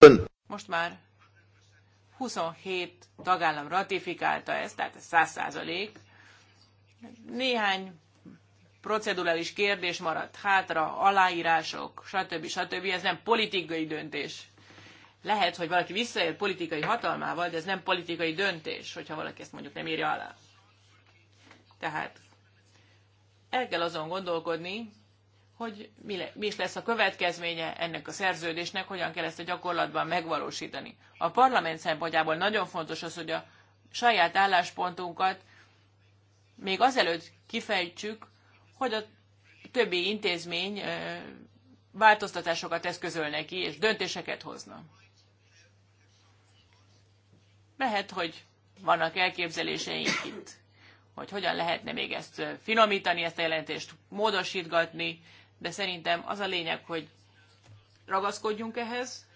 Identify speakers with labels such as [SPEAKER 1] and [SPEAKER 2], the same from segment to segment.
[SPEAKER 1] Ön... Most már 27 tagállam ratifikálta ezt, tehát ez 100 százalék. Néhány procedurális kérdés maradt hátra, aláírások, stb. stb. Ez nem politikai döntés. Lehet, hogy valaki visszaél politikai hatalmával, de ez nem politikai döntés, hogyha valaki ezt mondjuk nem írja alá. Tehát el kell azon gondolkodni, hogy mi, le, mi is lesz a következménye ennek a szerződésnek, hogyan kell ezt a gyakorlatban megvalósítani. A parlament szempontjából nagyon fontos az, hogy a saját álláspontunkat még azelőtt kifejtsük, hogy a többi intézmény változtatásokat eszközölne ki, és döntéseket hozna. Lehet, hogy vannak elképzeléseink itt, hogy hogyan lehetne még ezt finomítani, ezt a jelentést módosítgatni, de szerintem az a lényeg, hogy ragaszkodjunk ehhez,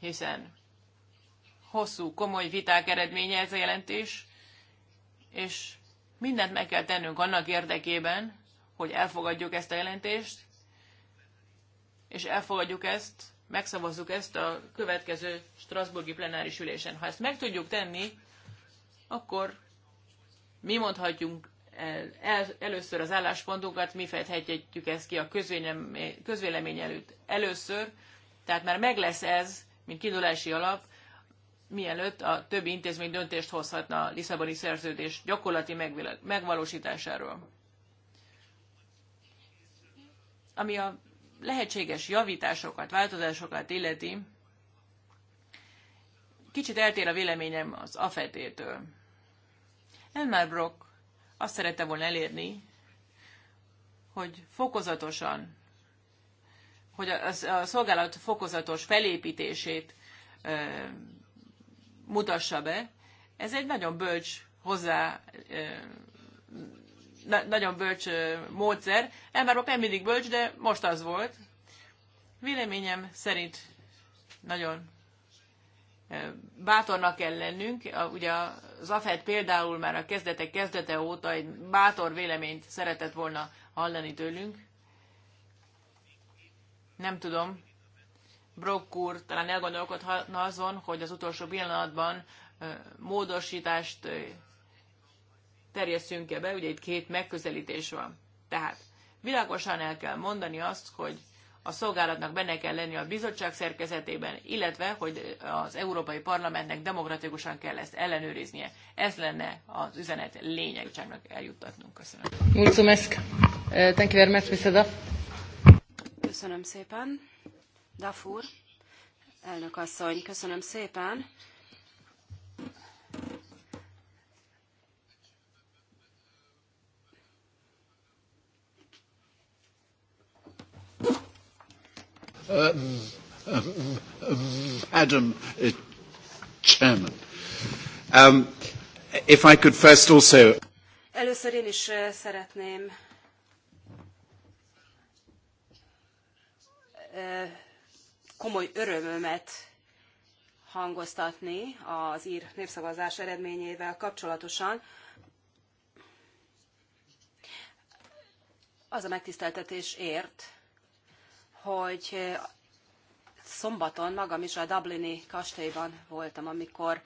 [SPEAKER 1] hiszen hosszú, komoly viták eredménye ez a jelentés, és mindent meg kell tennünk annak érdekében, hogy elfogadjuk ezt a jelentést, és elfogadjuk ezt, megszavazzuk ezt a következő Strasburgi plenáris ülésen. Ha ezt meg tudjuk tenni, akkor mi mondhatjunk el, először az álláspontunkat mi fejthetjük ezt ki a közvélemény, közvélemény előtt először, tehát már meg lesz ez, mint kiindulási alap, mielőtt a többi intézmény döntést hozhatna a Lisszaboni szerződés gyakorlati megvalósításáról. Ami a lehetséges javításokat, változásokat illeti, kicsit eltér a véleményem az afetétől. Elmar Brock azt szerette volna elérni, hogy fokozatosan, hogy a, a, a szolgálat fokozatos felépítését ö, mutassa be. Ez egy nagyon bölcs hozzá, ö, na, nagyon bölcs ö, módszer. Elmárok nem mindig bölcs, de most az volt. Véleményem szerint nagyon bátornak kell lennünk, a, ugye a az AFED például már a kezdetek kezdete óta egy bátor véleményt szeretett volna hallani tőlünk. Nem tudom, Brock úr talán elgondolkodhatna azon, hogy az utolsó pillanatban módosítást terjesszünk-e be, ugye itt két megközelítés van. Tehát világosan el kell mondani azt, hogy a szolgálatnak benne kell lenni a bizottság szerkezetében, illetve, hogy az Európai Parlamentnek demokratikusan kell ezt ellenőriznie. Ez lenne az üzenet
[SPEAKER 2] lényegságnak eljuttatnunk. Köszönöm. Mulțumesc.
[SPEAKER 1] Thank you very much, Mr. Duff.
[SPEAKER 2] Köszönöm szépen. Dafur, elnök asszony, köszönöm szépen. um, um, um, Madam uh, Chairman. Um, if I could first also... Először én is uh, szeretném uh, komoly örömömet hangoztatni az ír népszavazás eredményével kapcsolatosan. Az a megtiszteltetés ért, hogy eh, szombaton magam is a Dublini kastélyban voltam, amikor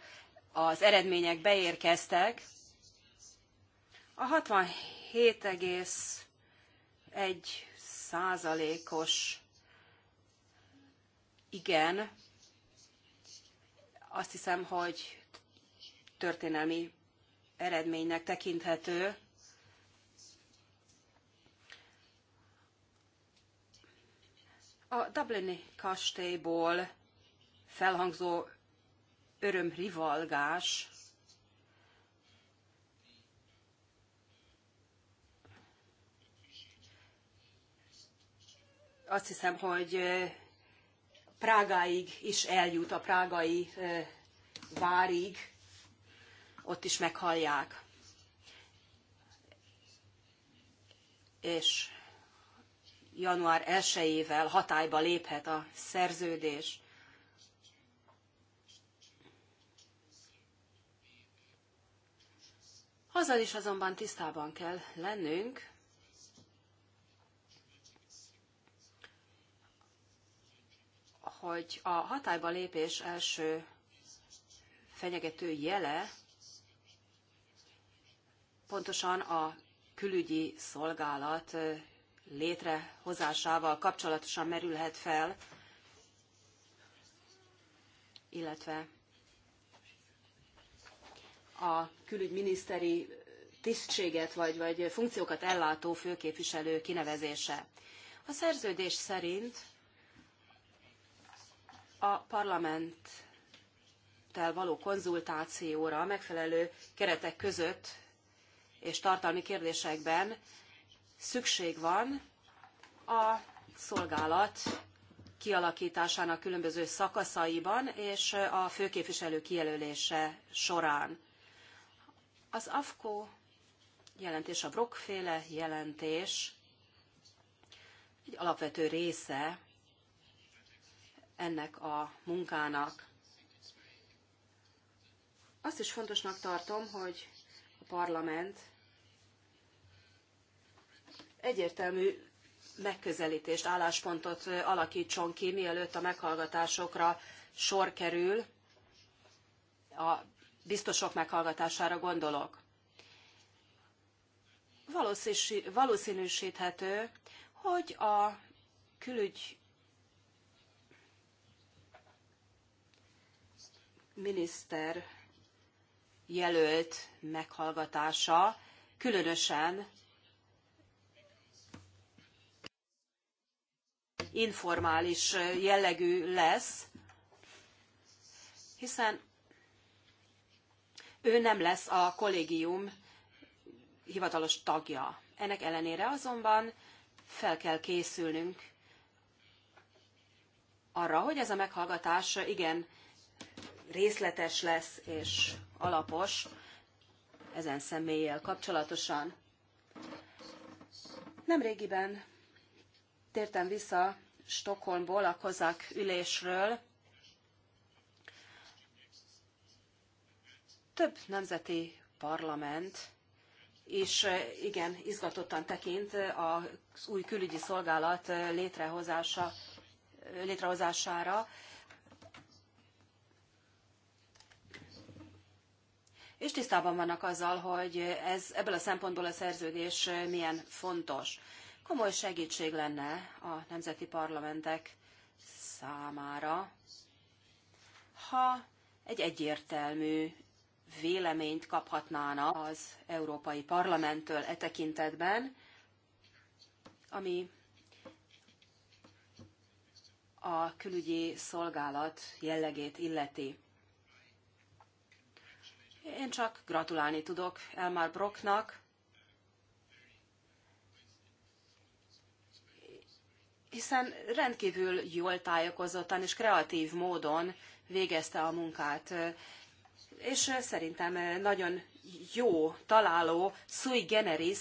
[SPEAKER 2] az eredmények beérkeztek. A 67,1 százalékos igen, azt hiszem, hogy történelmi eredménynek tekinthető, A Dublini kastélyból felhangzó örömrivalgás azt hiszem, hogy Prágáig is eljut, a prágai várig, ott is meghallják. És január 1-ével hatályba léphet a szerződés. Azzal is azonban tisztában kell lennünk, hogy a hatályba lépés első fenyegető jele pontosan a külügyi szolgálat létrehozásával kapcsolatosan merülhet fel, illetve a külügyminiszteri tisztséget vagy, vagy funkciókat ellátó főképviselő kinevezése. A szerződés szerint a parlamenttel való konzultációra megfelelő keretek között és tartalmi kérdésekben szükség van a szolgálat kialakításának különböző szakaszaiban és a főképviselő kijelölése során. Az AFKO jelentés, a Brockféle jelentés egy alapvető része ennek a munkának. Azt is fontosnak tartom, hogy a parlament egyértelmű megközelítést, álláspontot alakítson ki, mielőtt a meghallgatásokra sor kerül, a biztosok meghallgatására gondolok. Valószínűsíthető, hogy a külügy miniszter jelölt meghallgatása különösen informális jellegű lesz, hiszen ő nem lesz a kollégium hivatalos tagja. Ennek ellenére azonban fel kell készülnünk arra, hogy ez a meghallgatás igen részletes lesz és alapos ezen személlyel kapcsolatosan. Nemrégiben tértem vissza Stockholmból, a kozák ülésről. Több nemzeti parlament is eh, igen izgatottan tekint az új külügyi szolgálat eh, létrehozása, eh, létrehozására. És tisztában vannak azzal, hogy ez, ebből a szempontból a szerződés milyen fontos komoly segítség lenne a nemzeti parlamentek számára, ha egy egyértelmű véleményt kaphatnának az Európai Parlamenttől e tekintetben, ami a külügyi szolgálat jellegét illeti. Én csak gratulálni tudok Elmar Brocknak, hiszen rendkívül jól tájékozottan és kreatív módon végezte a munkát. És szerintem nagyon jó, találó, sui generis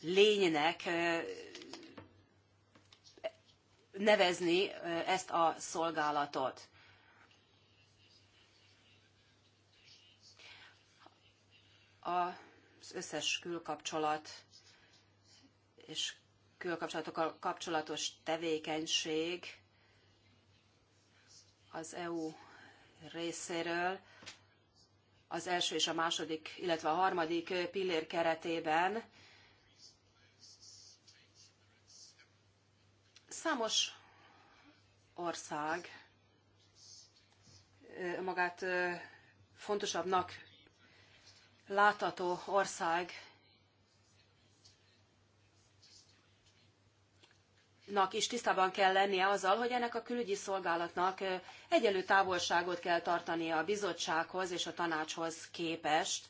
[SPEAKER 2] lénynek nevezni ezt a szolgálatot. Az összes külkapcsolat és külkapcsolatokkal kapcsolatos tevékenység az EU részéről az első és a második, illetve a harmadik pillér keretében számos ország magát fontosabbnak látható ország nak is tisztában kell lennie azzal, hogy ennek a külügyi szolgálatnak egyenlő távolságot kell tartania a bizottsághoz és a tanácshoz képest.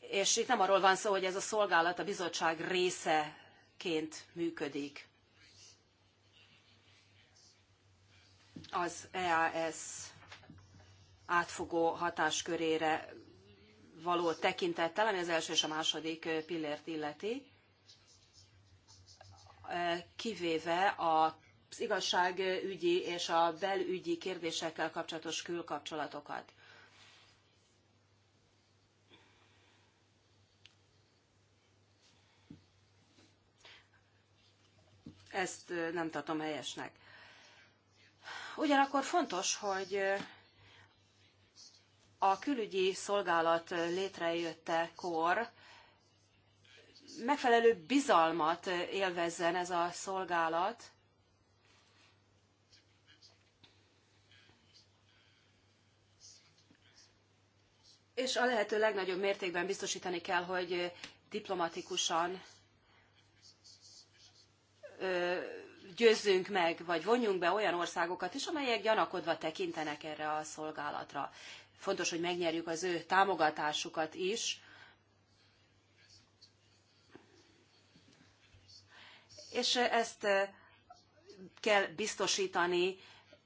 [SPEAKER 2] És itt nem arról van szó, hogy ez a szolgálat a bizottság részeként működik. Az EAS átfogó hatáskörére való tekintettel, ami az első és a második pillért illeti. E, kivéve a az igazságügyi és a belügyi kérdésekkel kapcsolatos külkapcsolatokat. Ezt e, nem tartom helyesnek. Ugyanakkor fontos, hogy e, a külügyi szolgálat létrejöttekor megfelelő bizalmat élvezzen ez a szolgálat, és a lehető legnagyobb mértékben biztosítani kell, hogy diplomatikusan győzzünk meg, vagy vonjunk be olyan országokat is, amelyek gyanakodva tekintenek erre a szolgálatra. Fontos, hogy megnyerjük az ő támogatásukat is, és eh, ezt eh, kell biztosítani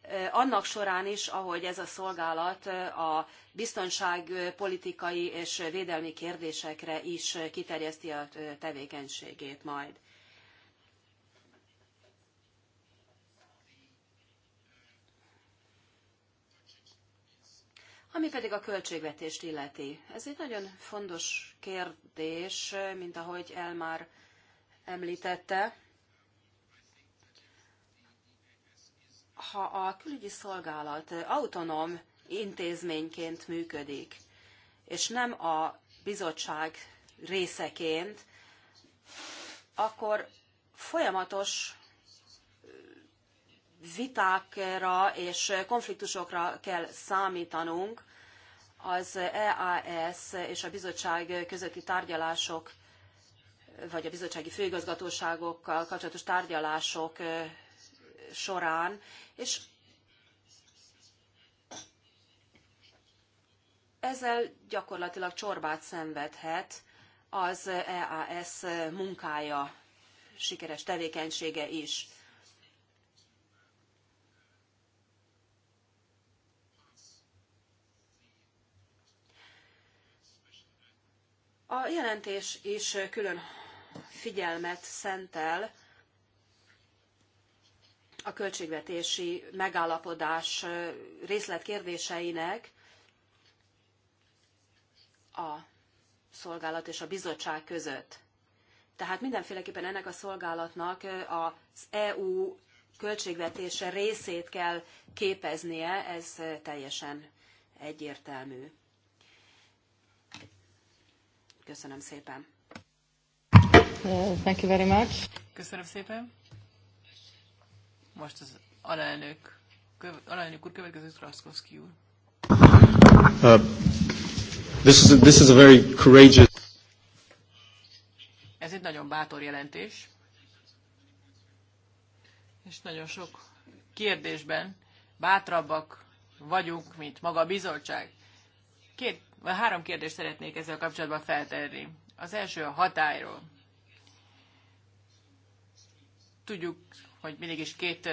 [SPEAKER 2] eh, annak során is, ahogy ez a szolgálat a biztonságpolitikai és védelmi kérdésekre is kiterjeszti a tevékenységét majd. Ami pedig a költségvetést illeti. Ez egy nagyon fontos kérdés, mint ahogy el már említette. ha a külügyi szolgálat autonóm intézményként működik, és nem a bizottság részeként, akkor folyamatos vitákra és konfliktusokra kell számítanunk az EAS és a bizottság közötti tárgyalások, vagy a bizottsági főigazgatóságokkal kapcsolatos tárgyalások során, és ezzel gyakorlatilag csorbát szenvedhet az EAS munkája, sikeres tevékenysége is. A jelentés is külön figyelmet szentel a költségvetési megállapodás részletkérdéseinek a szolgálat és a bizottság között. Tehát mindenféleképpen ennek a szolgálatnak az EU költségvetése részét kell képeznie, ez teljesen egyértelmű. Köszönöm szépen.
[SPEAKER 1] Thank you very much. Köszönöm szépen. Most az alelnök, köv, alelnök úr következik,
[SPEAKER 2] Raskowski úr. Uh, this, is a, this is a very courageous...
[SPEAKER 1] Ez egy nagyon bátor jelentés, és nagyon sok kérdésben bátrabbak vagyunk, mint maga a bizottság. Két, vagy három kérdést szeretnék ezzel kapcsolatban feltenni. Az első a hatályról. Tudjuk, hogy mindig is két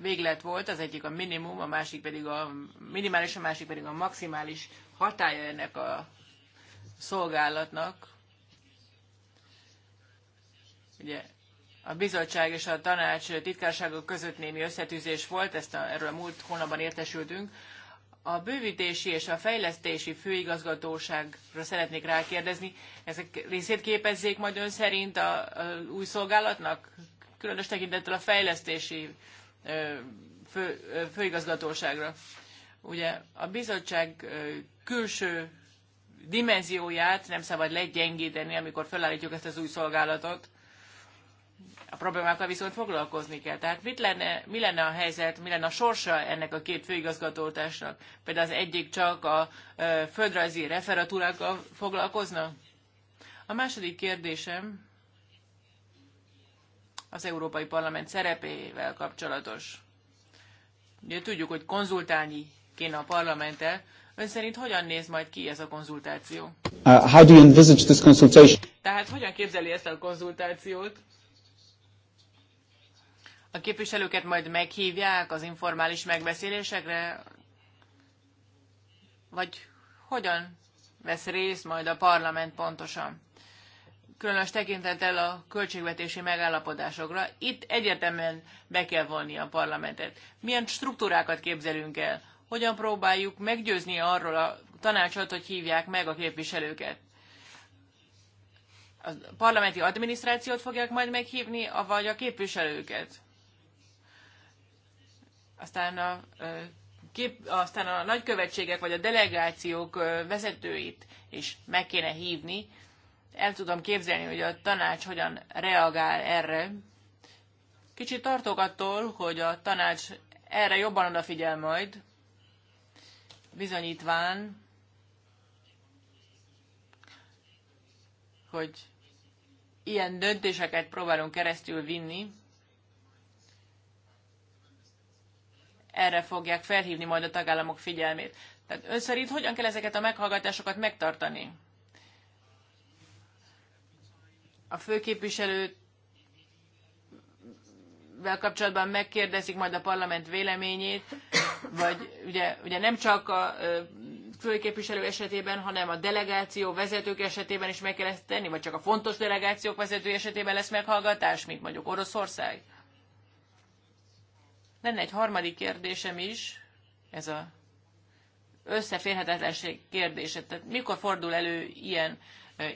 [SPEAKER 1] véglet volt, az egyik a minimum, a másik pedig a minimális, a másik pedig a maximális hatája ennek a szolgálatnak. Ugye a bizottság és a tanács titkársága között némi összetűzés volt, ezt a, erről a múlt hónapban értesültünk. A bővítési és a fejlesztési főigazgatóságra szeretnék rákérdezni, ezek részét képezzék majd ön szerint a, a új szolgálatnak? különös tekintettel a fejlesztési fő, főigazgatóságra. Ugye a bizottság külső dimenzióját nem szabad legyengíteni, amikor felállítjuk ezt az új szolgálatot. A problémákkal viszont foglalkozni kell. Tehát mit lenne, mi lenne a helyzet, mi lenne a sorsa ennek a két főigazgatótásnak? Például az egyik csak a földrajzi referatúrákkal foglalkozna? A második kérdésem, az Európai Parlament szerepével kapcsolatos. Ugye tudjuk, hogy konzultálni kéne a parlamenttel. Ön szerint hogyan néz majd ki ez a konzultáció? Uh, how do you envisage this consultation? Tehát hogyan képzeli ezt a konzultációt? A képviselőket majd meghívják az informális megbeszélésekre? Vagy hogyan vesz részt majd a parlament pontosan? különös tekintettel a költségvetési megállapodásokra, itt egyetemen be kell vonni a parlamentet. Milyen struktúrákat képzelünk el? Hogyan próbáljuk meggyőzni arról a tanácsot, hogy hívják meg a képviselőket? A parlamenti adminisztrációt fogják majd meghívni, vagy a képviselőket? Aztán a, kép, aztán a nagykövetségek vagy a delegációk vezetőit is meg kéne hívni, El tudom képzelni, hogy a tanács hogyan reagál erre. Kicsit tartok attól, hogy a tanács erre jobban odafigyel majd, bizonyítván, hogy ilyen döntéseket próbálunk keresztül vinni, erre fogják felhívni majd a tagállamok figyelmét. Tehát ön szerint hogyan kell ezeket a meghallgatásokat megtartani? a főképviselőt vel kapcsolatban megkérdezik majd a parlament véleményét, vagy ugye, ugye nem csak a főképviselő esetében, hanem a delegáció vezetők esetében is meg kell ezt tenni, vagy csak a fontos delegációk vezetői esetében lesz meghallgatás, mint mondjuk Oroszország? Lenne egy harmadik kérdésem is, ez a összeférhetetlenség kérdése. Tehát mikor fordul elő ilyen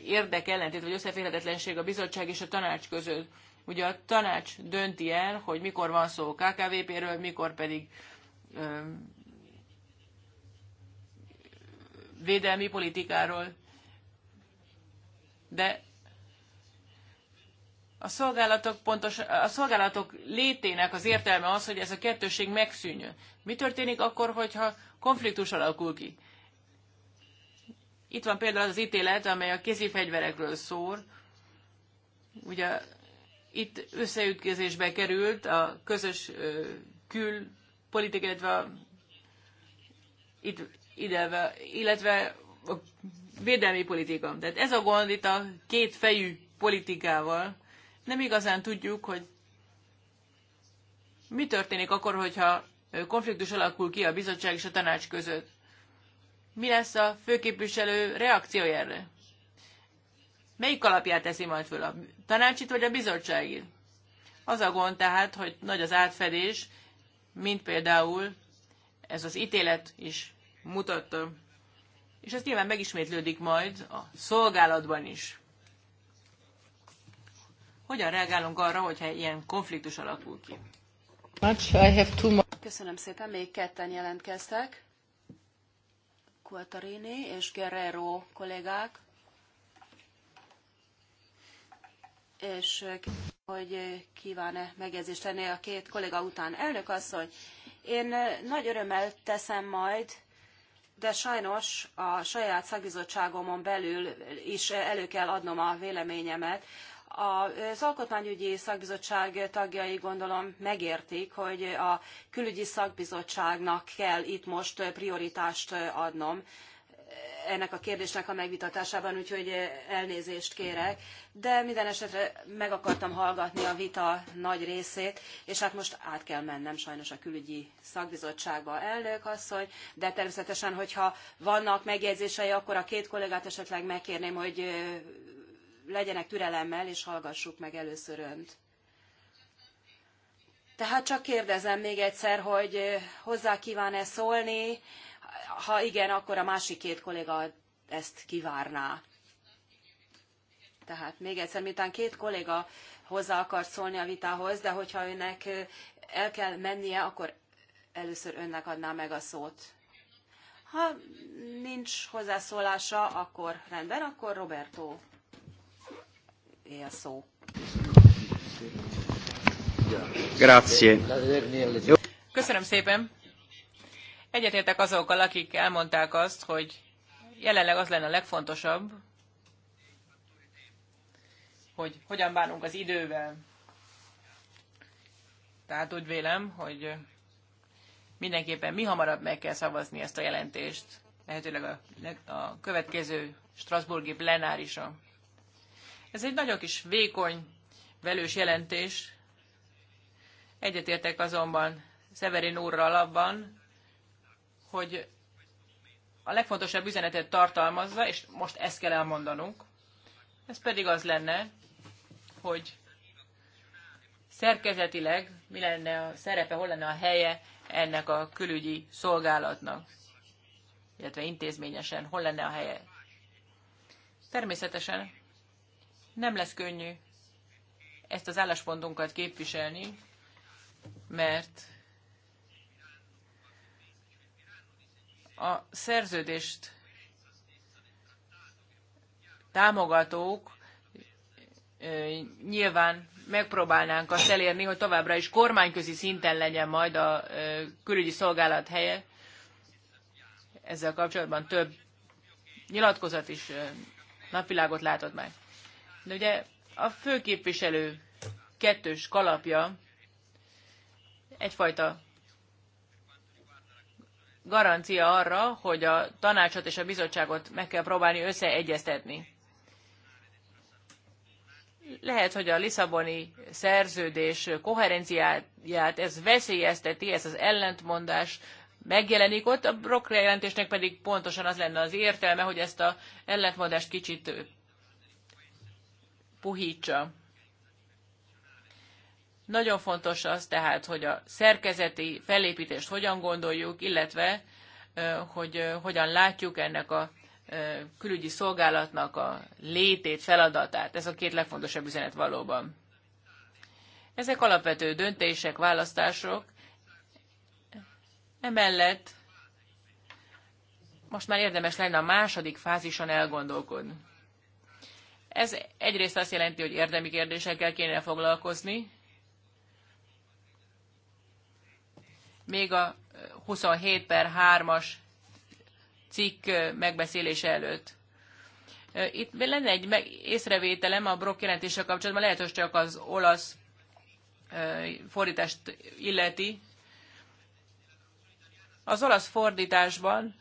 [SPEAKER 1] érdekellentét vagy összeférhetetlenség a bizottság és a tanács között. Ugye a tanács dönti el, hogy mikor van szó KKVP-ről, mikor pedig ö, védelmi politikáról, de a szolgálatok, pontos, a szolgálatok létének az értelme az, hogy ez a kettőség megszűnjön. Mi történik akkor, hogyha konfliktus alakul ki? Itt van például az ítélet, amely a kézi fegyverekről szól. Ugye itt összeütközésbe került a közös külpolitik, illetve a, itt, ideve, illetve a védelmi politika. Tehát ez a gond itt a két fejű politikával. Nem igazán tudjuk, hogy mi történik akkor, hogyha konfliktus alakul ki a bizottság és a tanács között mi lesz a főképviselő reakciója erre? Melyik alapját teszi majd föl? A tanácsit vagy a bizottságit? Az a gond tehát, hogy nagy az átfedés, mint például ez az ítélet is mutatta. És ez nyilván megismétlődik majd a szolgálatban is. Hogyan reagálunk arra, hogyha ilyen konfliktus alakul ki?
[SPEAKER 2] Köszönöm szépen, még ketten jelentkeztek. Guattarini és Guerrero kollégák, és hogy kíván-e megjegyzést tenni a két kolléga után. Elnök asszony, én nagy örömmel teszem majd, de sajnos a saját szakbizottságomon belül is elő kell adnom a véleményemet. Az Alkotmányügyi Szakbizottság tagjai gondolom megértik, hogy a külügyi szakbizottságnak kell itt most prioritást adnom ennek a kérdésnek a megvitatásában, úgyhogy elnézést kérek, de minden esetre meg akartam hallgatni a vita nagy részét, és hát most át kell mennem sajnos a külügyi szakbizottságba elnök asszony, de természetesen, hogyha vannak megjegyzései, akkor a két kollégát esetleg megkérném, hogy legyenek türelemmel, és hallgassuk meg először önt. Tehát csak kérdezem még egyszer, hogy hozzá kíván-e szólni, ha igen, akkor a másik két kolléga ezt kivárná. Tehát még egyszer, miután két kolléga hozzá akart szólni a vitához, de hogyha önnek el kell mennie, akkor először önnek adná meg a szót. Ha nincs hozzászólása, akkor rendben, akkor Roberto öné a szó. Grazie. Köszönöm szépen.
[SPEAKER 1] Egyetértek azokkal, akik elmondták azt, hogy jelenleg az lenne a legfontosabb, hogy hogyan bánunk az idővel. Tehát úgy vélem, hogy mindenképpen mi hamarabb meg kell szavazni ezt a jelentést, lehetőleg a, a következő Strasburgi plenárison. Ez egy nagyon kis vékony, velős jelentés. Egyetértek azonban Severin úrral abban, hogy a legfontosabb üzenetet tartalmazza, és most ezt kell elmondanunk, ez pedig az lenne, hogy szerkezetileg mi lenne a szerepe, hol lenne a helye ennek a külügyi szolgálatnak, illetve intézményesen hol lenne a helye. Természetesen Nem lesz könnyű ezt az álláspontunkat képviselni, mert a szerződést támogatók nyilván megpróbálnánk azt elérni, hogy továbbra is kormányközi szinten legyen majd a külügyi szolgálat helye. Ezzel kapcsolatban több nyilatkozat is napvilágot látott meg. De ugye a főképviselő kettős kalapja egyfajta garancia arra, hogy a tanácsot és a bizottságot meg kell próbálni összeegyeztetni. Lehet, hogy a Lisszaboni szerződés koherenciáját ez veszélyezteti, ez az ellentmondás megjelenik ott, a Brockre jelentésnek pedig pontosan az lenne az értelme, hogy ezt a ellentmondást kicsit puhítsa. Nagyon fontos az tehát, hogy a szerkezeti felépítést hogyan gondoljuk, illetve hogy hogyan látjuk ennek a külügyi szolgálatnak a létét, feladatát. Ez a két legfontosabb üzenet valóban. Ezek alapvető döntések, választások. Emellett most már érdemes lenne a második fázison elgondolkodni. Ez egyrészt azt jelenti, hogy érdemi kérdésekkel kéne foglalkozni, még a 27 per 3-as cikk megbeszélése előtt. Itt lenne egy észrevételem a Brock jelentése kapcsolatban, lehet, hogy csak az olasz fordítást illeti. Az olasz fordításban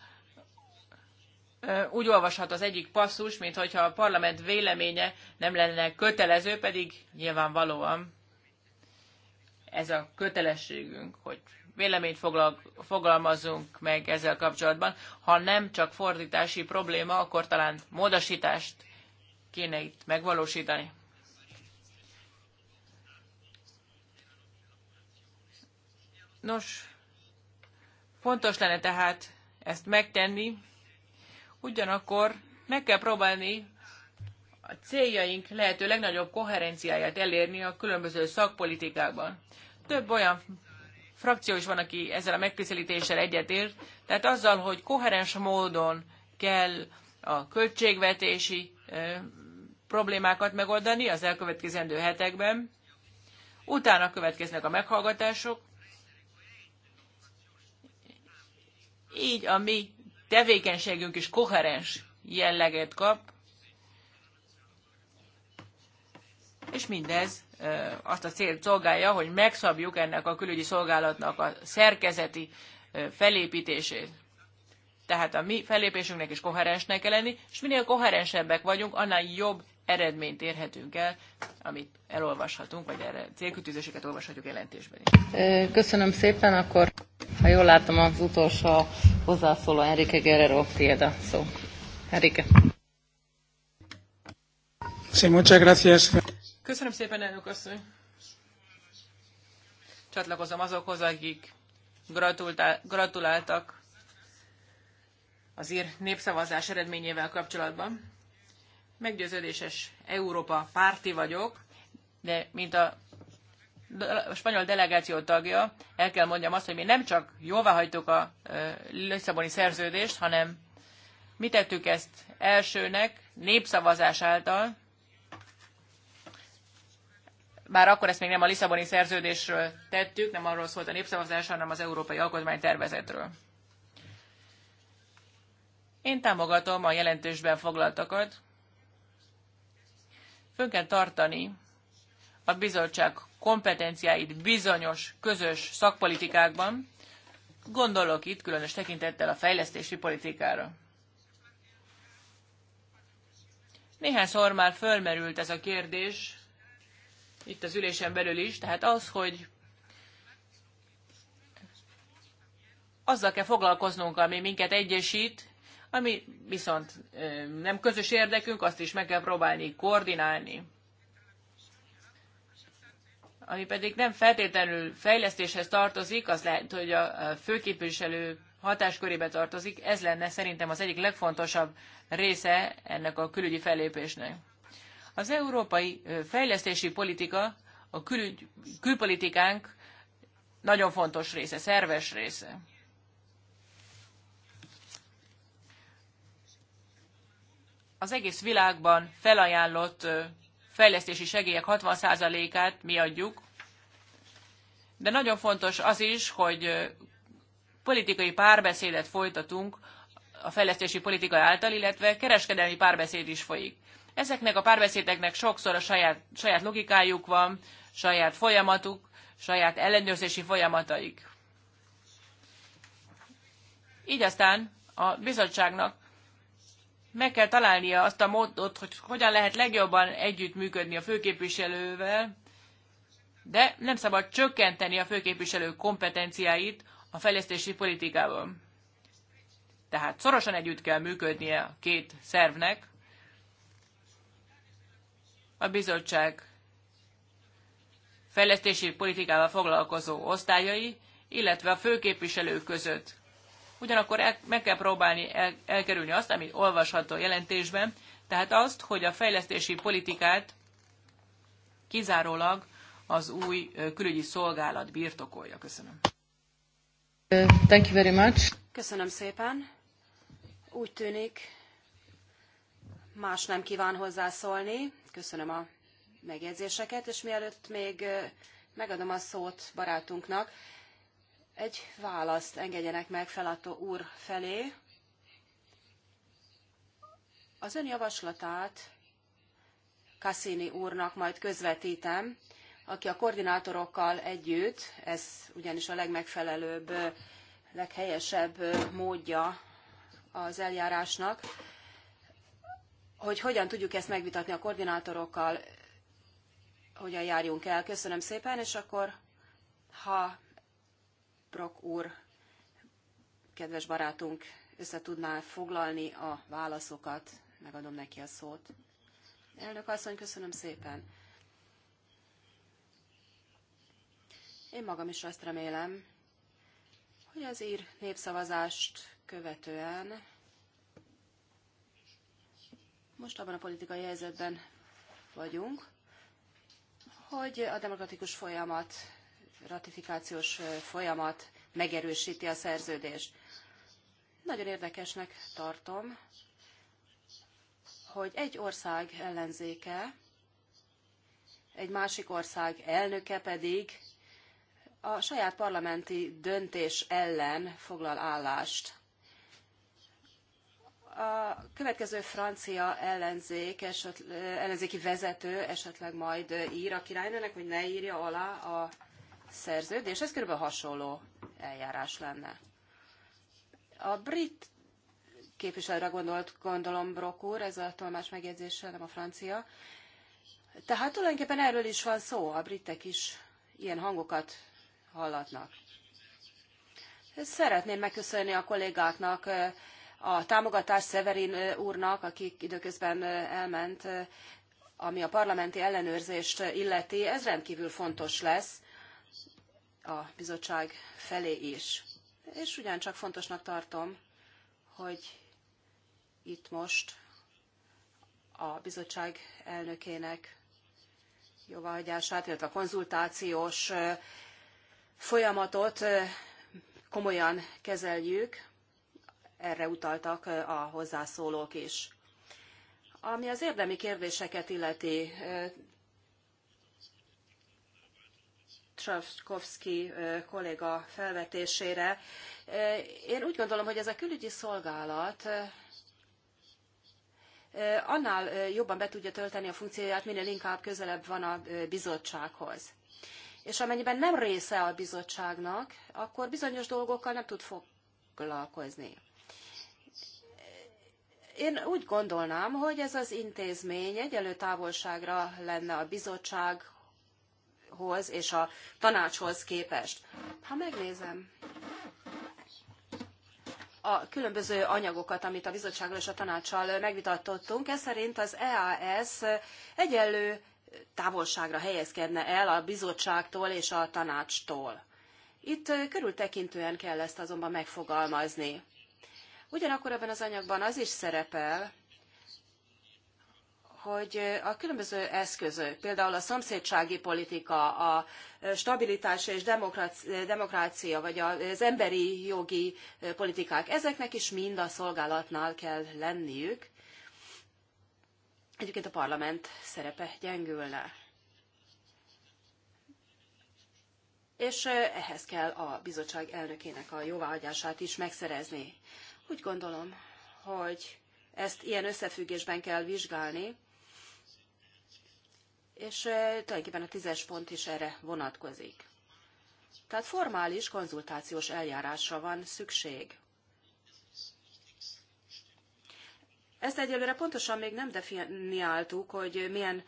[SPEAKER 1] úgy olvashat az egyik passzus, mint hogyha a parlament véleménye nem lenne kötelező, pedig nyilvánvalóan ez a kötelességünk, hogy véleményt foglal, fogalmazunk meg ezzel kapcsolatban. Ha nem csak fordítási probléma, akkor talán módosítást kéne itt megvalósítani. Nos, fontos lenne tehát ezt megtenni, Ugyanakkor meg kell próbálni a céljaink lehető legnagyobb koherenciáját elérni a különböző szakpolitikákban. Több olyan frakció is van, aki ezzel a megközelítéssel egyetért, tehát azzal, hogy koherens módon kell a költségvetési problémákat megoldani az elkövetkezendő hetekben, utána következnek a meghallgatások, így a mi tevékenységünk is koherens jelleget kap, és mindez azt a célt szolgálja, hogy megszabjuk ennek a külügyi szolgálatnak a szerkezeti felépítését. Tehát a mi felépésünknek is koherensnek kell lenni, és minél koherensebbek vagyunk, annál jobb eredményt érhetünk el, amit elolvashatunk, vagy erre célkütőzéseket olvashatjuk jelentésben is. Köszönöm szépen, akkor ha jól látom, az utolsó hozzászóló Enrique Guerrero tiéd a szó. Enrique.
[SPEAKER 2] Sí, muchas gracias.
[SPEAKER 1] Köszönöm szépen, elnök asszony. Csatlakozom azokhoz, akik gratuláltak az ír népszavazás eredményével kapcsolatban. Meggyőződéses Európa párti vagyok, de mint a a spanyol delegáció tagja, el kell mondjam azt, hogy mi nem csak jóváhagytuk a Lisszaboni szerződést, hanem mi tettük ezt elsőnek, népszavazás által, bár akkor ezt még nem a Lisszaboni szerződésről tettük, nem arról szólt a népszavazás, hanem az Európai Alkotmánytervezetről. Én támogatom a jelentésben foglaltakat, Fönn kell tartani a bizottság kompetenciáit bizonyos közös szakpolitikákban, gondolok itt különös tekintettel a fejlesztési politikára. Néhányszor már fölmerült ez a kérdés, itt az ülésen belül is, tehát az, hogy azzal kell foglalkoznunk, ami minket egyesít, Ami viszont nem közös érdekünk, azt is meg kell próbálni koordinálni. Ami pedig nem feltétlenül fejlesztéshez tartozik, az lehet, hogy a főképviselő hatáskörébe tartozik, ez lenne szerintem az egyik legfontosabb része ennek a külügyi fellépésnek. Az európai fejlesztési politika, a külügy, külpolitikánk nagyon fontos része, szerves része. az egész világban felajánlott fejlesztési segélyek 60%-át mi adjuk, de nagyon fontos az is, hogy politikai párbeszédet folytatunk a fejlesztési politika által, illetve kereskedelmi párbeszéd is folyik. Ezeknek a párbeszédeknek sokszor a saját, saját logikájuk van, saját folyamatuk, saját ellenőrzési folyamataik. Így aztán a bizottságnak meg kell találnia azt a módot, hogy hogyan lehet legjobban együttműködni a főképviselővel, de nem szabad csökkenteni a főképviselő kompetenciáit a fejlesztési politikában. Tehát szorosan együtt kell működnie a két szervnek. A bizottság fejlesztési politikával foglalkozó osztályai, illetve a főképviselő között Ugyanakkor el, meg kell próbálni el, elkerülni azt, ami olvasható jelentésben, tehát azt, hogy a fejlesztési politikát kizárólag az új külügyi szolgálat birtokolja. Köszönöm. Thank you very much.
[SPEAKER 2] Köszönöm szépen. Úgy tűnik, más nem kíván hozzászólni. Köszönöm a megjegyzéseket, és mielőtt még megadom a szót barátunknak, egy választ engedjenek meg Felató úr felé. Az ön javaslatát Cassini úrnak majd közvetítem, aki a koordinátorokkal együtt, ez ugyanis a legmegfelelőbb, leghelyesebb módja az eljárásnak, hogy hogyan tudjuk ezt megvitatni a koordinátorokkal, hogyan járjunk el. Köszönöm szépen, és akkor, ha Brok úr, kedves barátunk, össze tudná foglalni a válaszokat, megadom neki a szót. Elnök asszony, köszönöm szépen. Én magam is azt remélem, hogy az ír népszavazást követően most abban a politikai helyzetben vagyunk, hogy a demokratikus folyamat ratifikációs folyamat megerősíti a szerződést. Nagyon érdekesnek tartom, hogy egy ország ellenzéke, egy másik ország elnöke pedig a saját parlamenti döntés ellen foglal állást. A következő francia ellenzék, esetl- ellenzéki vezető esetleg majd ír a királynőnek, hogy ne írja alá a szerződés, ez kb. hasonló eljárás lenne. A brit képviselőre gondolt, gondolom, Brok úr, ez a tolmács megjegyzése, nem a francia. Tehát tulajdonképpen erről is van szó, a britek is ilyen hangokat hallatnak. Szeretném megköszönni a kollégáknak a támogatást Severin úrnak, aki időközben elment, ami a parlamenti ellenőrzést illeti. Ez rendkívül fontos lesz, a bizottság felé is. És ugyancsak fontosnak tartom, hogy itt most a bizottság elnökének jóváhagyását, illetve a konzultációs folyamatot komolyan kezeljük. Erre utaltak a hozzászólók is. Ami az érdemi kérdéseket illeti, Csavkovszki e, kolléga felvetésére. E, én úgy gondolom, hogy ez a külügyi szolgálat e, annál jobban be tudja tölteni a funkcióját, minél inkább közelebb van a bizottsághoz. És amennyiben nem része a bizottságnak, akkor bizonyos dolgokkal nem tud foglalkozni. Én úgy gondolnám, hogy ez az intézmény egyelő távolságra lenne a bizottság hoz és a tanácshoz képest. Ha megnézem a különböző anyagokat, amit a bizottsággal és a tanácssal megvitatottunk, ez szerint az EAS egyenlő távolságra helyezkedne el a bizottságtól és a tanácstól. Itt körültekintően kell ezt azonban megfogalmazni. Ugyanakkor ebben az anyagban az is szerepel, hogy eh, a különböző eszközök, például a szomszédsági politika, a eh, stabilitás és eh, demokrácia, vagy az emberi jogi politikák, ezeknek is mind a szolgálatnál kell lenniük. Egyébként a parlament szerepe gyengülne. És ehhez kell a bizottság elnökének a jóváhagyását is megszerezni. Úgy gondolom, hogy ezt ilyen összefüggésben kell vizsgálni, és tulajdonképpen a tízes pont is erre vonatkozik. Tehát formális konzultációs eljárásra van szükség. Ezt egyelőre pontosan még nem definiáltuk, hogy milyen,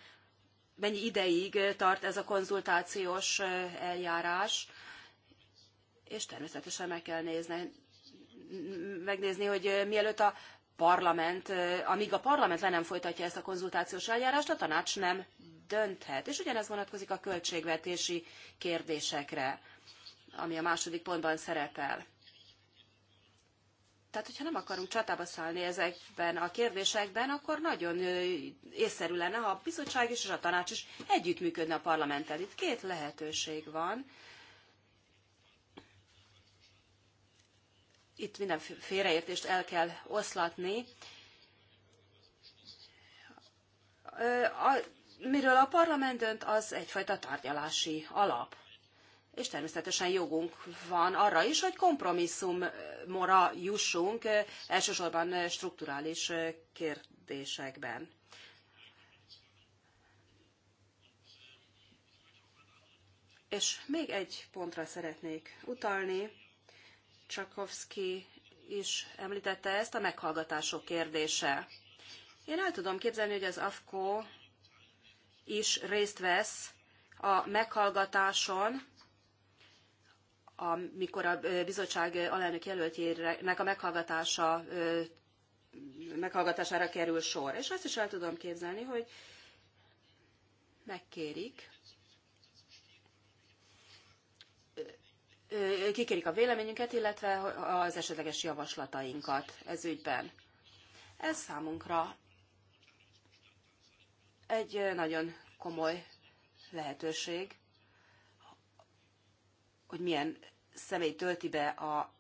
[SPEAKER 2] mennyi ideig tart ez a konzultációs eljárás, és természetesen meg kell nézni, megnézni, hogy mielőtt a parlament, amíg a parlament le nem folytatja ezt a konzultációs eljárást, a tanács nem dönthet. És ugyanez vonatkozik a költségvetési kérdésekre, ami a második pontban szerepel. Tehát, hogyha nem akarunk csatába szállni ezekben a kérdésekben, akkor nagyon észszerű lenne, ha a bizottság is és a tanács is együttműködne a parlamenttel. Itt két lehetőség van. Itt minden félreértést el kell oszlatni. A Miről a parlament dönt, az egyfajta tárgyalási alap. És természetesen jogunk van arra is, hogy kompromisszumra jussunk, eh, elsősorban eh, strukturális eh, kérdésekben. És még egy pontra szeretnék utalni. Csakovszki is említette ezt, a meghallgatások kérdése. Én el tudom képzelni, hogy az AFKO is részt vesz a meghallgatáson, amikor a bizottság alelnök jelöltjének a meghallgatása, meghallgatására kerül sor. És azt is el tudom képzelni, hogy megkérik, kikérik a véleményünket, illetve az esetleges javaslatainkat ez ügyben. Ez számunkra egy eh, nagyon komoly lehetőség, hogy milyen személy tölti be a,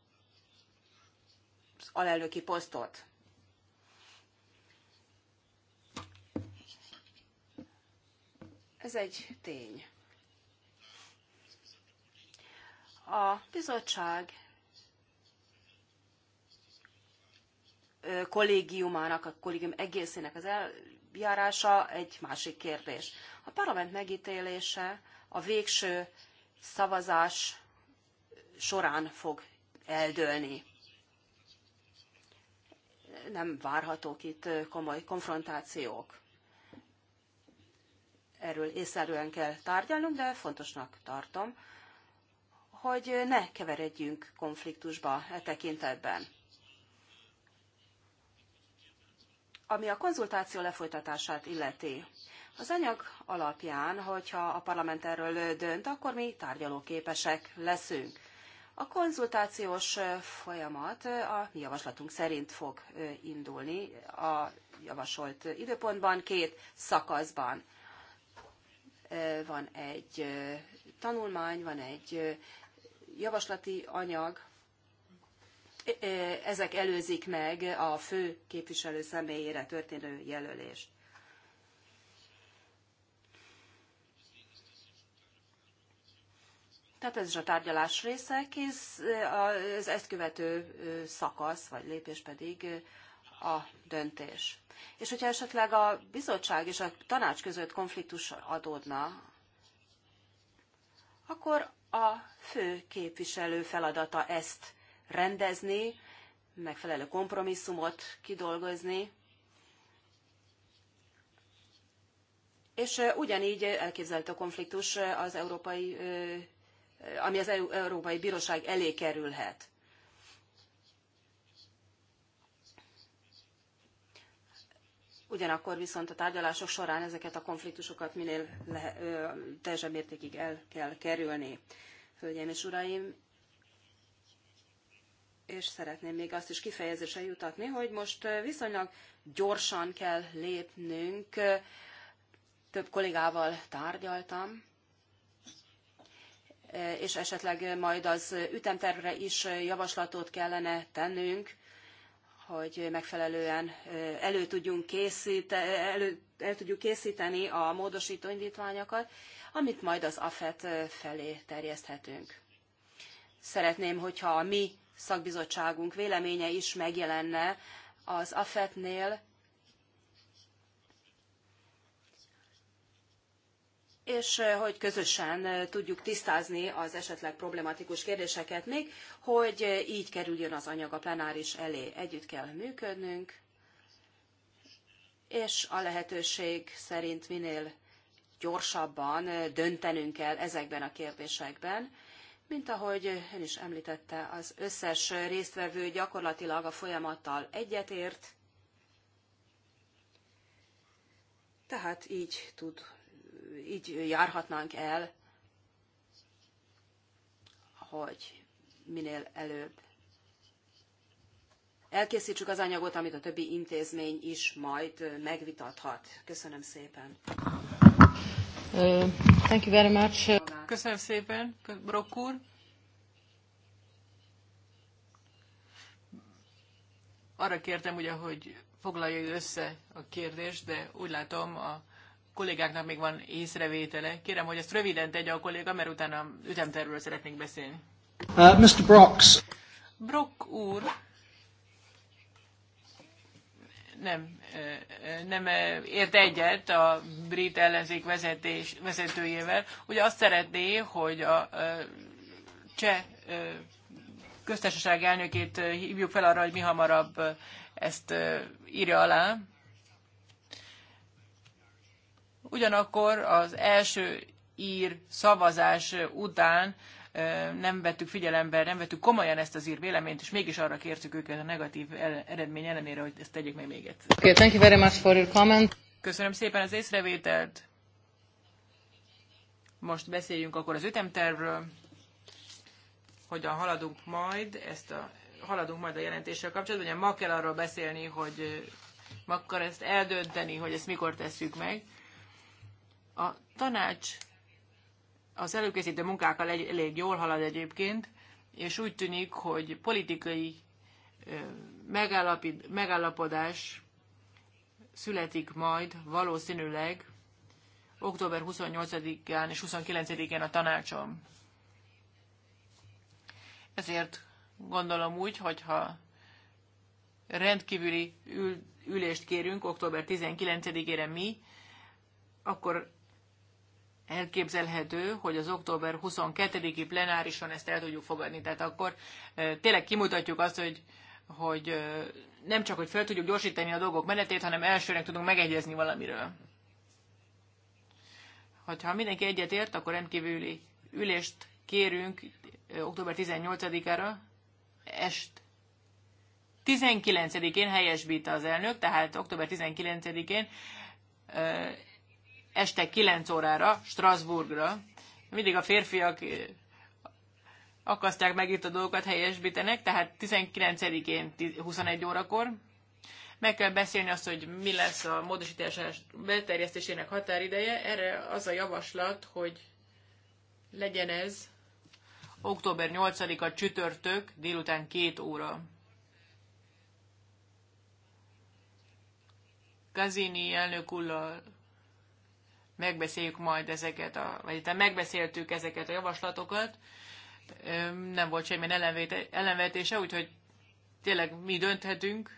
[SPEAKER 2] az alelnöki posztot. Ez egy tény. A bizottság eh, kollégiumának, a kollégium egészének az el, járása egy másik kérdés. A parlament megítélése a végső szavazás során fog eldőlni. Nem várhatók itt komoly konfrontációk. Erről észszerűen kell tárgyalnunk, de fontosnak tartom, hogy ne keveredjünk konfliktusba e tekintetben. Ami a konzultáció lefolytatását illeti, az anyag alapján, hogyha a parlament erről dönt, akkor mi tárgyalóképesek leszünk. A konzultációs folyamat a mi javaslatunk szerint fog indulni a javasolt időpontban, két szakaszban. Van egy tanulmány, van egy javaslati anyag, E, ezek előzik meg a fő képviselő személyére történő jelölést. Tehát ez is a tárgyalás része, kész e, az ezt követő e, szakasz vagy lépés pedig a döntés. És hogyha esetleg a bizottság és a tanács között konfliktus adódna, akkor a fő képviselő feladata ezt rendezni, megfelelő kompromisszumot kidolgozni, És ugyanígy elképzelhető konfliktus az európai, ami az Európai Bíróság elé kerülhet. Ugyanakkor viszont a tárgyalások során ezeket a konfliktusokat minél le, teljesebb mértékig el kell kerülni. Hölgyeim és uraim, és szeretném még azt is kifejezésre jutatni, hogy most viszonylag gyorsan kell lépnünk. Több kollégával tárgyaltam, és esetleg majd az ütemtervre is javaslatot kellene tennünk, hogy megfelelően elő tudjunk készíteni, elő, el tudjuk készíteni a módosító indítványokat, amit majd az AFET felé terjeszthetünk. Szeretném, hogyha a mi szakbizottságunk véleménye is megjelenne az AFET-nél, és hogy közösen tudjuk tisztázni az esetleg problematikus kérdéseket még, hogy így kerüljön az anyag a plenáris elé. Együtt kell működnünk, és a lehetőség szerint minél gyorsabban döntenünk kell ezekben a kérdésekben, Mint ahogy ön is említette, az összes résztvevő gyakorlatilag a folyamattal egyetért, tehát így tud, így járhatnánk el, hogy minél előbb elkészítsük az anyagot, amit a többi intézmény is majd megvitathat. Köszönöm szépen. Uh, thank you very much. Köszönöm szépen, Brock úr.
[SPEAKER 1] Arra kértem ugye, hogy foglalja össze a kérdést, de úgy látom a kollégáknak még van észrevétele. Kérem, hogy ezt röviden tegye a kolléga, mert utána ütemtervről szeretnék beszélni.
[SPEAKER 2] Uh, Mr. Brox.
[SPEAKER 1] Brock úr nem, nem ért egyet a brit ellenzék vezetés, vezetőjével. Ugye azt szeretné, hogy a cseh köztársaság elnökét hívjuk fel arra, hogy mi hamarabb ezt írja alá. Ugyanakkor az első ír szavazás után nem vettük figyelembe, nem vettük komolyan ezt az ír véleményt, és mégis arra kértük őket a negatív eredmény ellenére, hogy ezt tegyék meg még egyszer. Okay, thank you very much for your comment. Köszönöm szépen az észrevételt. Most beszéljünk akkor az ütemtervről, hogyan haladunk majd ezt a haladunk majd a jelentéssel kapcsolatban. Ugye ma kell arról beszélni, hogy ma kell ezt eldönteni, hogy ezt mikor tesszük meg. A tanács Az előkészítő munkákkal egy, elég jól halad egyébként, és úgy tűnik, hogy politikai megállapodás születik majd valószínűleg október 28-án és 29-én a tanácsom. Ezért gondolom úgy, hogyha rendkívüli ül, ülést kérünk október 19-ére mi, akkor elképzelhető, hogy az október 22-i plenárison ezt el tudjuk fogadni. Tehát akkor tényleg kimutatjuk azt, hogy, hogy nem csak, hogy fel tudjuk gyorsítani a dolgok menetét, hanem elsőnek tudunk megegyezni valamiről. Ha mindenki egyet ért, akkor rendkívüli ülést kérünk október 18-ára est. 19-én helyesbít az elnök, tehát október 19-én este 9 órára Strasbourgra. Mindig a férfiak eh, akasztják meg itt a dolgokat, helyesbítenek, tehát 19-én 21 órakor. Meg kell beszélni azt, hogy mi lesz a módosítás beterjesztésének határideje. Erre az a javaslat, hogy legyen ez október 8-a csütörtök délután 2 óra. Gazini elnök úrral megbeszéljük majd ezeket, a, vagy tehát megbeszéltük ezeket a javaslatokat, nem volt semmilyen ellenvetése, úgyhogy tényleg mi dönthetünk,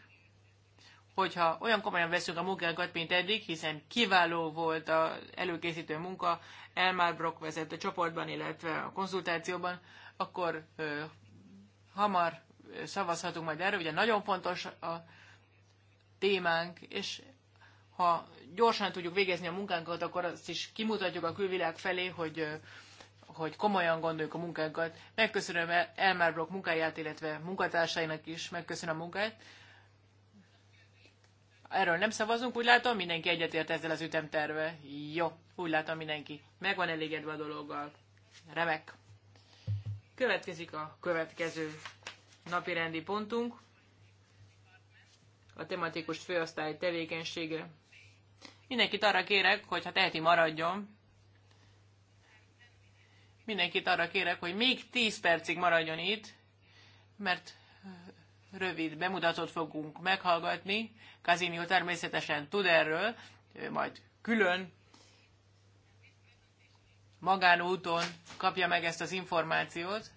[SPEAKER 1] hogyha olyan komolyan veszünk a munkánkat, mint eddig, hiszen kiváló volt az előkészítő munka, Elmar Brock vezet a csoportban, illetve a konzultációban, akkor ö, hamar szavazhatunk majd erről, ugye nagyon fontos a témánk, és ha gyorsan tudjuk végezni a munkánkat, akkor azt is kimutatjuk a külvilág felé, hogy, hogy komolyan gondoljuk a munkánkat. Megköszönöm Elmar Brock munkáját, illetve munkatársainak is megköszönöm a munkát. Erről nem szavazunk, úgy látom, mindenki egyetért ezzel az ütemterve. Jó, úgy látom mindenki. Meg van elégedve a dologgal. Remek. Következik a következő napi rendi pontunk. A tematikus főosztály tevékenysége Mindenkit arra kérek, hogy ha teheti, maradjon. Mindenkit arra kérek, hogy még 10 percig maradjon itt, mert rövid bemutatót fogunk meghallgatni. Kazimió természetesen tud erről, majd külön magánúton kapja meg ezt az információt.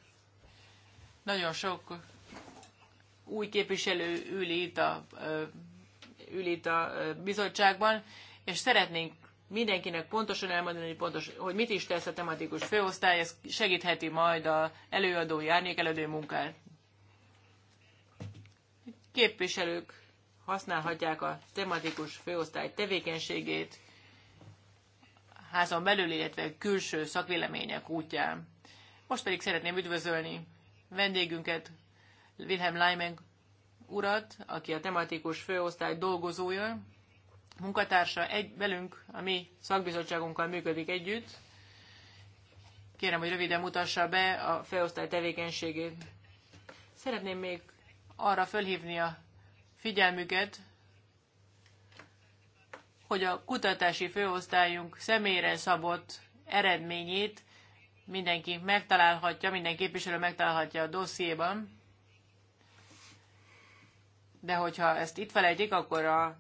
[SPEAKER 1] Nagyon sok új képviselő ül itt a, ül itt a bizottságban, és szeretnénk mindenkinek pontosan elmondani, hogy, pontos, hogy mit is tesz a tematikus főosztály, ez segítheti majd a előadói, árnyékelődő munkát. Képviselők használhatják a tematikus főosztály tevékenységét házon belül, illetve külső szakvélemények útján. Most pedig szeretném üdvözölni vendégünket, Wilhelm Leimen urat, aki a tematikus főosztály dolgozója, munkatársa egy, velünk, a mi szakbizottságunkkal működik együtt. Kérem, hogy röviden mutassa be a felosztály tevékenységét. Szeretném még arra fölhívni a figyelmüket, hogy a kutatási főosztályunk személyre szabott eredményét mindenki megtalálhatja, minden képviselő megtalálhatja a dossziéban. De hogyha ezt itt felejtik, akkor a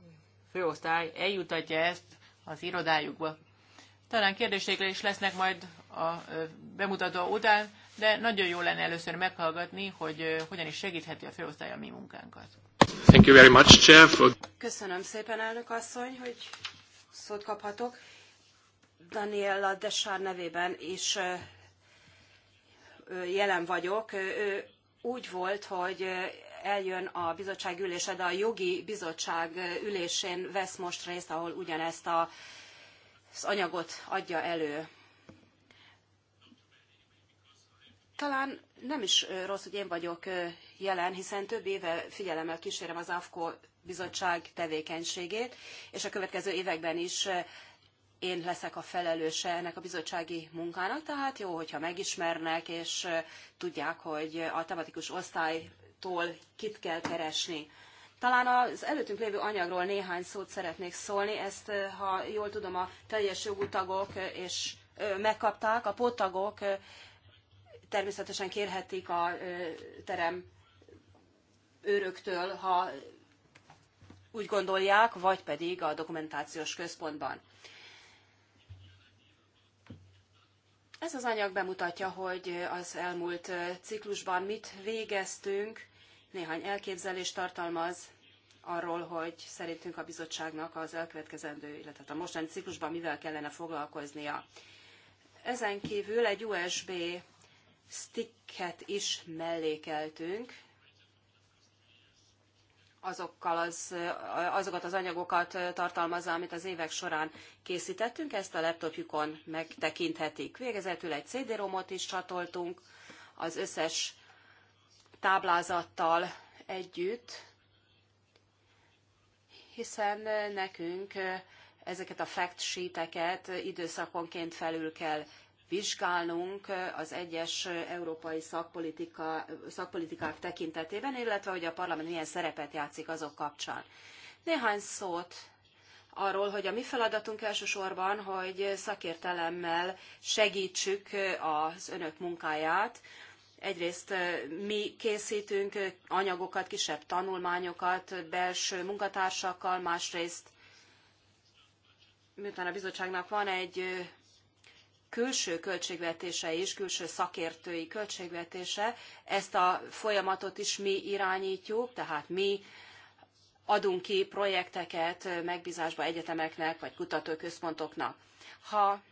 [SPEAKER 1] főosztály eljutatja ezt az irodájukba. Talán kérdéseikre is lesznek majd a bemutató után, de nagyon jó lenne először meghallgatni, hogy hogyan is segítheti a főosztály a mi
[SPEAKER 2] munkánkat. Thank you very much, Chair. For... Köszönöm szépen, elnök asszony, hogy szót kaphatok. Daniela Desár nevében is jelen vagyok. Ő úgy volt, hogy eljön a bizottság ülése, de a jogi bizottság ülésén vesz most részt, ahol ugyanezt a, az anyagot adja elő. Talán nem is rossz, hogy én vagyok jelen, hiszen több éve figyelemmel kísérem az AFKO bizottság tevékenységét, és a következő években is én leszek a felelőse ennek a bizottsági munkának, tehát jó, hogyha megismernek, és tudják, hogy a tematikus osztály tól kit kell keresni. Talán az előttünk lévő anyagról néhány szót szeretnék szólni, ezt, ha jól tudom, a teljes jogú tagok és megkapták, a póttagok természetesen kérhetik a terem őröktől, ha úgy gondolják, vagy pedig a dokumentációs központban. Ez az anyag bemutatja, hogy az elmúlt ciklusban mit végeztünk, néhány elképzelést tartalmaz arról, hogy szerintünk a bizottságnak az elkövetkezendő, illetve a mostani ciklusban mivel kellene foglalkoznia. Ezen kívül egy USB sticket is mellékeltünk, azokkal az, azokat az anyagokat tartalmazza, amit az évek során készítettünk, ezt a laptopjukon megtekinthetik. Végezetül egy CD-romot is csatoltunk, az összes táblázattal együtt, hiszen nekünk ezeket a fact sheeteket időszakonként felül kell vizsgálnunk az egyes európai szakpolitika, szakpolitikák tekintetében, illetve hogy a parlament milyen szerepet játszik azok kapcsán. Néhány szót arról, hogy a mi feladatunk elsősorban, hogy szakértelemmel segítsük az önök munkáját, Egyrészt eh, mi készítünk eh, anyagokat, kisebb tanulmányokat belső munkatársakkal, másrészt miután a bizottságnak van egy eh, külső költségvetése is, külső szakértői költségvetése, ezt a folyamatot is mi irányítjuk, tehát mi adunk ki projekteket megbízásba egyetemeknek vagy kutatóközpontoknak. Ha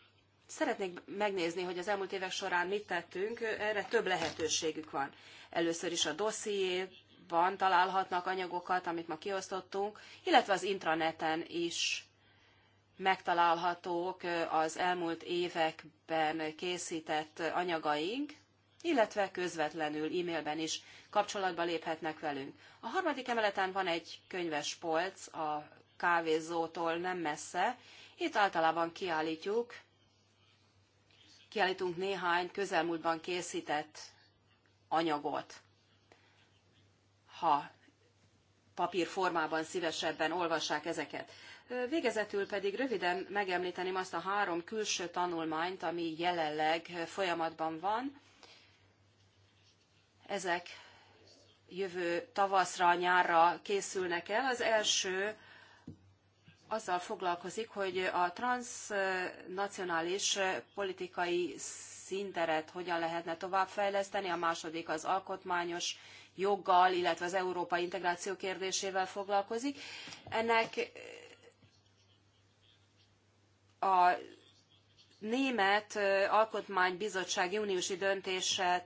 [SPEAKER 2] Szeretnék megnézni, hogy az elmúlt évek során mit tettünk, erre több lehetőségük van. Először is a dossziéban találhatnak anyagokat, amit ma kiosztottunk, illetve az intraneten is megtalálhatók az elmúlt években készített anyagaink, illetve közvetlenül e-mailben is kapcsolatba léphetnek velünk. A harmadik emeleten van egy könyves polc a kávézótól nem messze. Itt általában kiállítjuk kiállítunk néhány közelmúltban készített anyagot. Ha papír formában szívesebben olvassák ezeket. Végezetül pedig röviden megemlíteném azt a három külső tanulmányt, ami jelenleg folyamatban van. Ezek jövő tavaszra, nyárra készülnek el. Az első azzal foglalkozik, hogy a transnacionális politikai színteret hogyan lehetne továbbfejleszteni, a második az alkotmányos joggal, illetve az európai integráció kérdésével foglalkozik. Ennek a német alkotmánybizottság júniusi döntése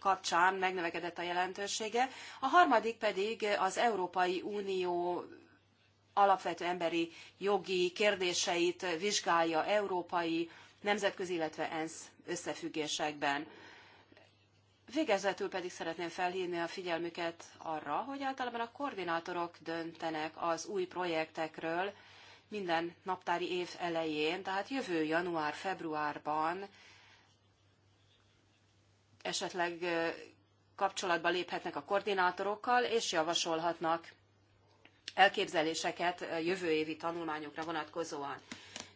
[SPEAKER 2] kapcsán megnövekedett a jelentősége, a harmadik pedig az Európai Unió alapvető emberi jogi kérdéseit vizsgálja európai, nemzetközi, illetve ENSZ összefüggésekben. Végezetül pedig szeretném felhívni a figyelmüket arra, hogy általában a koordinátorok döntenek az új projektekről minden naptári év elején, tehát jövő január-februárban esetleg kapcsolatba léphetnek a koordinátorokkal, és javasolhatnak elképzeléseket jövő évi tanulmányokra vonatkozóan.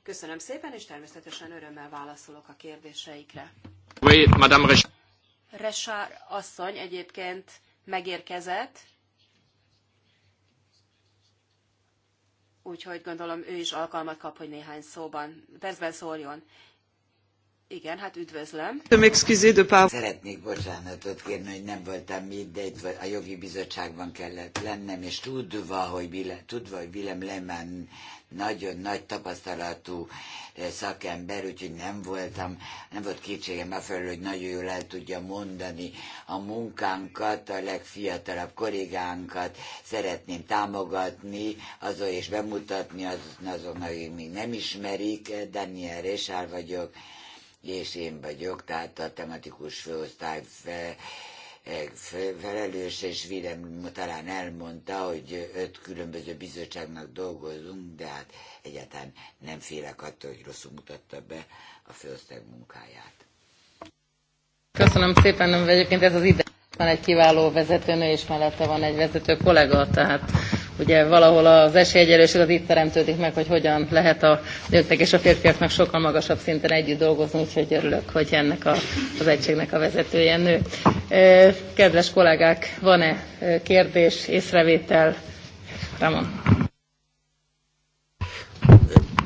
[SPEAKER 2] Köszönöm szépen, és természetesen örömmel válaszolok a kérdéseikre. Oui, Madame Rech- Resár asszony egyébként megérkezett, úgyhogy gondolom ő is alkalmat kap, hogy néhány szóban, percben szóljon. Igen, hát üdvözlöm.
[SPEAKER 1] Szeretnék bocsánatot kérni, hogy nem voltam itt, de itt a jogi bizottságban kellett lennem, és tudva, hogy, Bile, tudva, hogy Willem Lehmann nagyon nagy tapasztalatú eh, szakember, úgyhogy nem voltam, nem volt kétségem afelől, hogy nagyon jól el tudja mondani a munkánkat, a legfiatalabb kollégánkat szeretném támogatni, azon és bemutatni azon, akik még nem ismerik, eh, Daniel Résár vagyok, és vagyok, tehát a tematikus főosztály fel, e, felelős, és Vilem talán elmondta, hogy öt különböző bizottságnak dolgozunk, de hát egyáltalán nem félek attól, hogy rosszul mutatta be a főosztály munkáját. Köszönöm szépen, nem egyébként ez az ide. Van egy kiváló vezetőnő, és mellette van egy vezető kollega, tehát ugye valahol az esélyegyelőség az itt teremtődik meg, hogy hogyan lehet a nőknek és a férfiaknak sokkal magasabb szinten együtt dolgozni, úgyhogy örülök, hogy ennek a, az egységnek a vezetője nő. Kedves kollégák, van-e kérdés, észrevétel?
[SPEAKER 2] Ramon.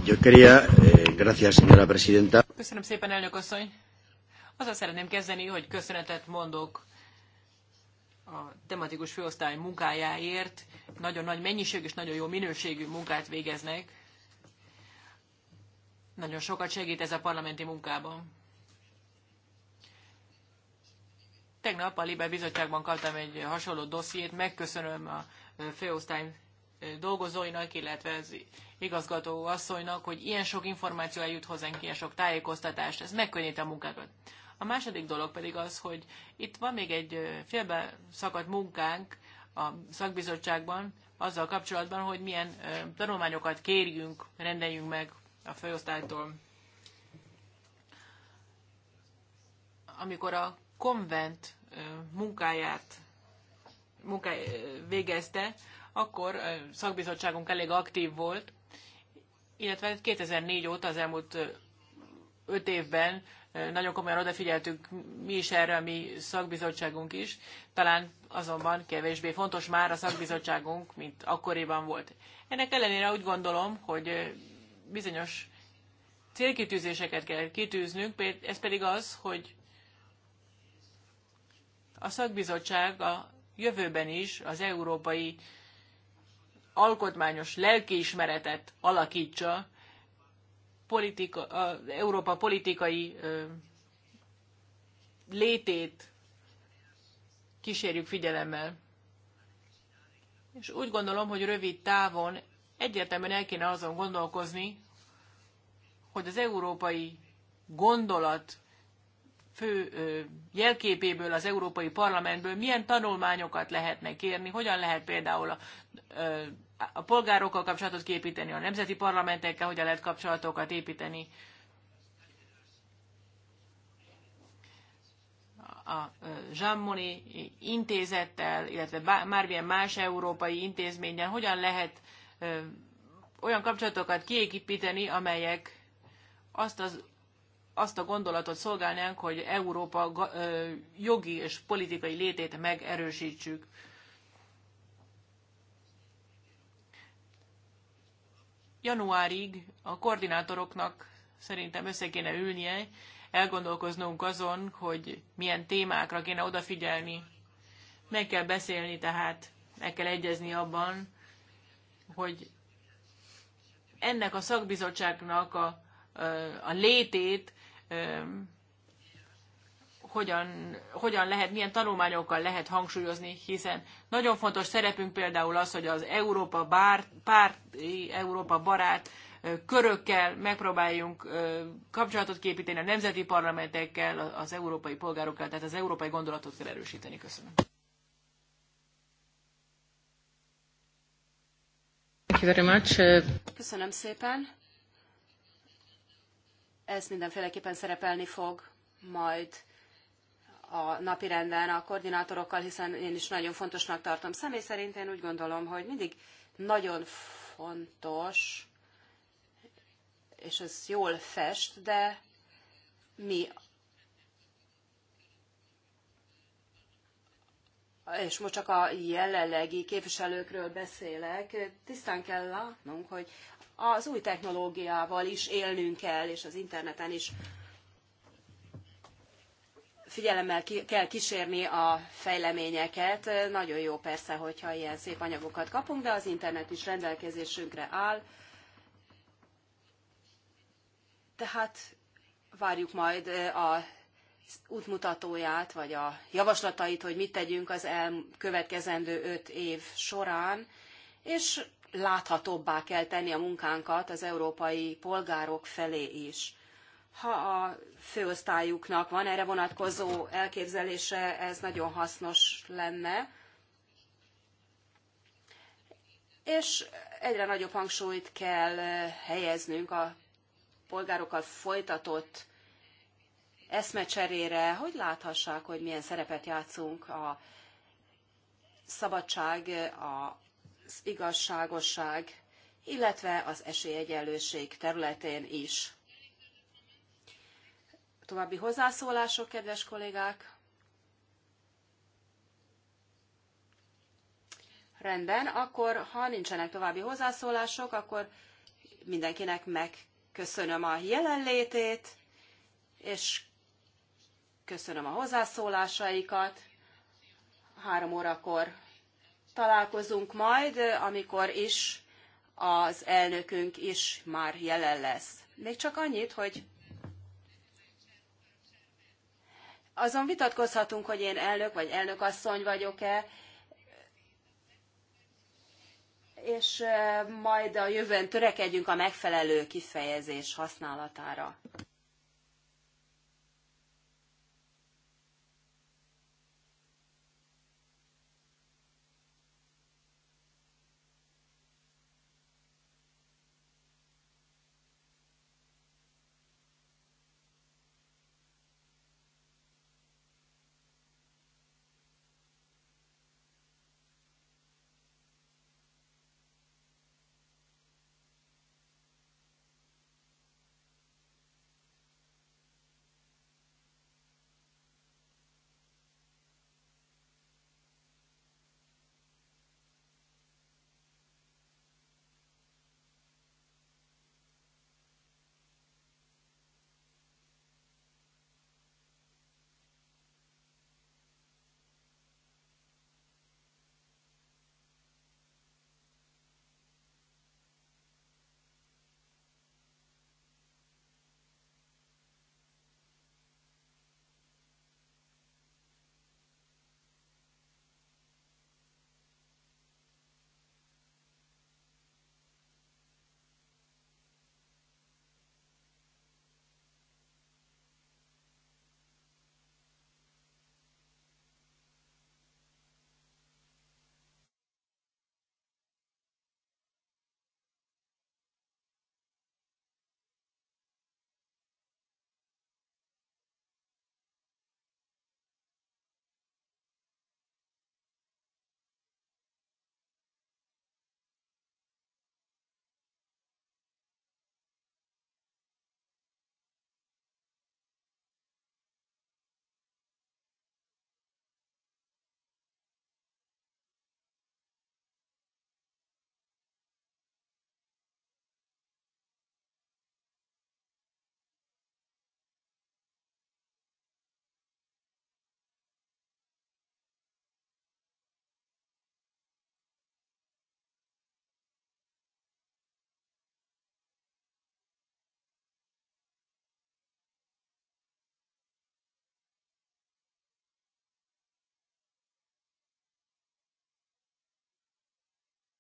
[SPEAKER 2] Yo quería, eh, gracias señora presidenta.
[SPEAKER 1] Köszönöm szépen, elnök asszony. Azzal szeretném kezdeni, hogy köszönetet mondok a tematikus főosztály munkájáért, nagyon nagy mennyiség és nagyon jó minőségű munkát végeznek. Nagyon sokat segít ez a parlamenti munkában. Tegnap a Libe Bizottságban kaptam egy hasonló dossziét, megköszönöm a főosztály dolgozóinak, illetve az igazgató asszonynak, hogy ilyen sok információ eljut hozzánk, ilyen sok tájékoztatást, ez megkönnyíti a munkákat. A második dolog pedig az, hogy itt van még egy félbe szakadt munkánk, a szakbizottságban azzal kapcsolatban, hogy milyen tanulmányokat kérjünk, rendeljünk meg a főosztálytól. Amikor a konvent munkáját munkáj, végezte, akkor szakbizottságunk elég aktív volt, illetve 2004 óta az elmúlt öt évben nagyon komolyan odafigyeltünk mi is erre, a mi szakbizottságunk is. Talán azonban kevésbé fontos már a szakbizottságunk, mint akkoriban volt. Ennek ellenére úgy gondolom, hogy bizonyos célkitűzéseket kell kitűznünk, ez pedig az, hogy a szakbizottság a jövőben is az európai alkotmányos lelkiismeretet alakítsa, politika, a Európa politikai ö, létét kísérjük figyelemmel. És úgy gondolom, hogy rövid távon egyértelműen el kéne azon gondolkozni, hogy az európai gondolat fő jelképéből, az Európai Parlamentből milyen tanulmányokat lehetne kérni, hogyan lehet például a, a polgárokkal kapcsolatot képíteni, a nemzeti parlamentekkel hogyan lehet kapcsolatokat építeni, a Jean Monnet intézettel, illetve bármilyen más európai intézménnyel hogyan lehet e, olyan kapcsolatokat kiépíteni, amelyek azt, az, azt a gondolatot szolgálnánk, hogy Európa e, jogi és politikai létét megerősítsük. Januárig a koordinátoroknak szerintem össze kéne ülnie, elgondolkoznunk azon, hogy milyen témákra kéne odafigyelni. Meg kell beszélni tehát, meg kell egyezni abban, hogy ennek a szakbizottságnak a, a létét hogyan, hogyan lehet, milyen tanulmányokkal lehet hangsúlyozni, hiszen nagyon fontos szerepünk például az, hogy az Európa, bár, párt, Európa barát körökkel megpróbáljunk kapcsolatot képíteni a nemzeti parlamentekkel, az európai polgárokkal, tehát az európai gondolatot kell erősíteni. Köszönöm. Thank you very much. Uh,
[SPEAKER 2] Köszönöm szépen. Ez mindenféleképpen szerepelni fog majd a napirenden a koordinátorokkal, hiszen én is nagyon fontosnak tartom. Személy szerint én úgy gondolom, hogy mindig nagyon fontos, és ez jól fest, de mi és most csak a jelenlegi képviselőkről beszélek, tisztán kell látnunk, hogy az új technológiával is élnünk kell, és az interneten is figyelemmel ki, kell kísérni a fejleményeket. Nagyon jó persze, hogyha ilyen szép anyagokat kapunk, de az internet is rendelkezésünkre áll, Tehát várjuk majd eh, a útmutatóját, vagy a javaslatait, hogy mit tegyünk az elkövetkezendő öt év során, és láthatóbbá kell tenni a munkánkat az európai polgárok felé is. Ha a főosztályuknak van erre vonatkozó elképzelése, ez nagyon hasznos lenne. És egyre nagyobb hangsúlyt kell eh, helyeznünk a polgárokkal folytatott eszmecserére, hogy láthassák, hogy milyen szerepet játszunk a szabadság, az igazságosság, illetve az esélyegyenlőség területén is. További hozzászólások, kedves kollégák? Rendben, akkor ha nincsenek további hozzászólások, akkor mindenkinek meg köszönöm a jelenlétét, és köszönöm a hozzászólásaikat. Három órakor találkozunk majd, amikor is az elnökünk is már jelen lesz. Még csak annyit, hogy azon vitatkozhatunk, hogy én elnök vagy elnökasszony vagyok-e, és eh, majd a jövőn törekedjünk a megfelelő kifejezés használatára.